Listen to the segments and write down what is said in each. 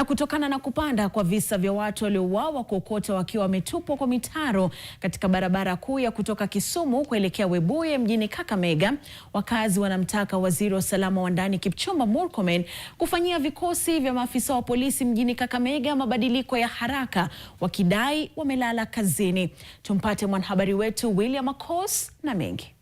Na kutokana na kupanda kwa visa vya watu waliouawa kuokota wakiwa wametupwa kwa mitaro katika barabara kuu ya kutoka Kisumu kuelekea Webuye mjini Kakamega, wakazi wanamtaka waziri wa usalama wa ndani Kipchumba Murkomen kufanyia vikosi vya maafisa wa polisi mjini Kakamega mabadiliko ya haraka, wakidai wamelala kazini. Tumpate mwanahabari wetu William Akos na mengi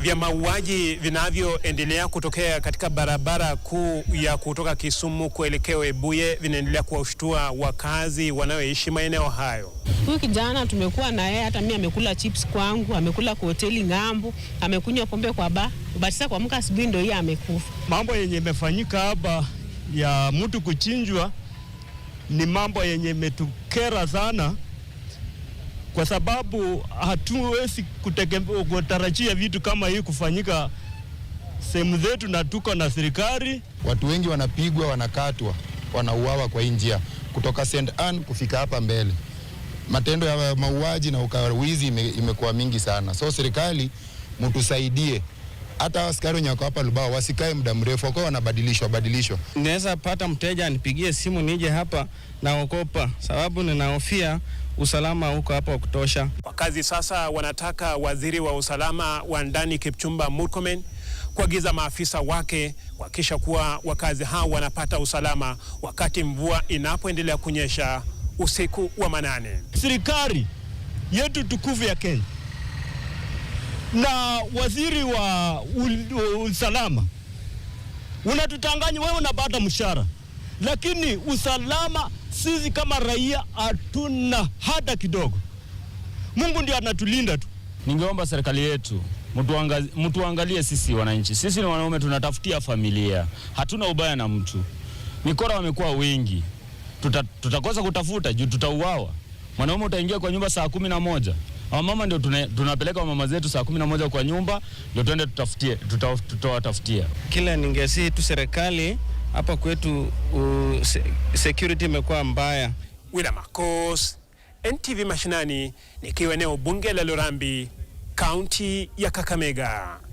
vya mauaji vinavyoendelea kutokea katika barabara kuu ya kutoka Kisumu kuelekea Ebuye vinaendelea kuwashtua wakazi wanaoishi maeneo hayo. Huyu kijana tumekuwa na yeye, hata mimi amekula chips kwangu, amekula kwa hoteli ng'ambo, amekunywa pombe kwa ba batisa kwa mka asubuhi, ndio yeye amekufa. Mambo yenye imefanyika hapa ya mtu kuchinjwa ni mambo yenye imetukera sana kwa sababu hatuwezi kutarajia vitu kama hii kufanyika sehemu zetu, na tuko na serikali. Watu wengi wanapigwa, wanakatwa, wanauawa kwa hii njia kutoka St Anne kufika hapa mbele. Matendo ya mauaji na ukawizi imekuwa mingi sana, so serikali mtusaidie hata askari wenye wako hapa Lubao wasikae muda mrefu, wako wanabadilishwa badilishwa. Ninaweza pata mteja anipigie simu nije hapa, naogopa sababu ninahofia usalama huko hapa wa kutosha. Wakazi sasa wanataka waziri wa usalama wa ndani Kipchumba Murkomen kuagiza maafisa wake kuhakikisha kuwa wakazi hao wanapata usalama wakati mvua inapoendelea kunyesha usiku wa manane. Serikali yetu tukufu ya Kenya na waziri wa usalama unatutanganya, wewe unapata mshahara, lakini usalama sisi kama raia hatuna hata kidogo. Mungu ndio anatulinda tu. Ningeomba serikali yetu mtuangalie sisi wananchi, sisi ni wanaume, tunatafutia familia, hatuna ubaya na mtu. mikora wamekuwa wengi, tutakosa tuta kutafuta juu tutauawa. Mwanaume utaingia kwa nyumba saa kumi na moja Wamama ndio tunapeleka wamama zetu saa kumi na moja kwa nyumba ndio tuende tutawafutie tutawatafutia. Kila ningesihi tu serikali hapa kwetu uh, security imekuwa mbaya. wila Makos, NTV Mashinani, nikiwa eneo bunge la Lurambi, kaunti ya Kakamega.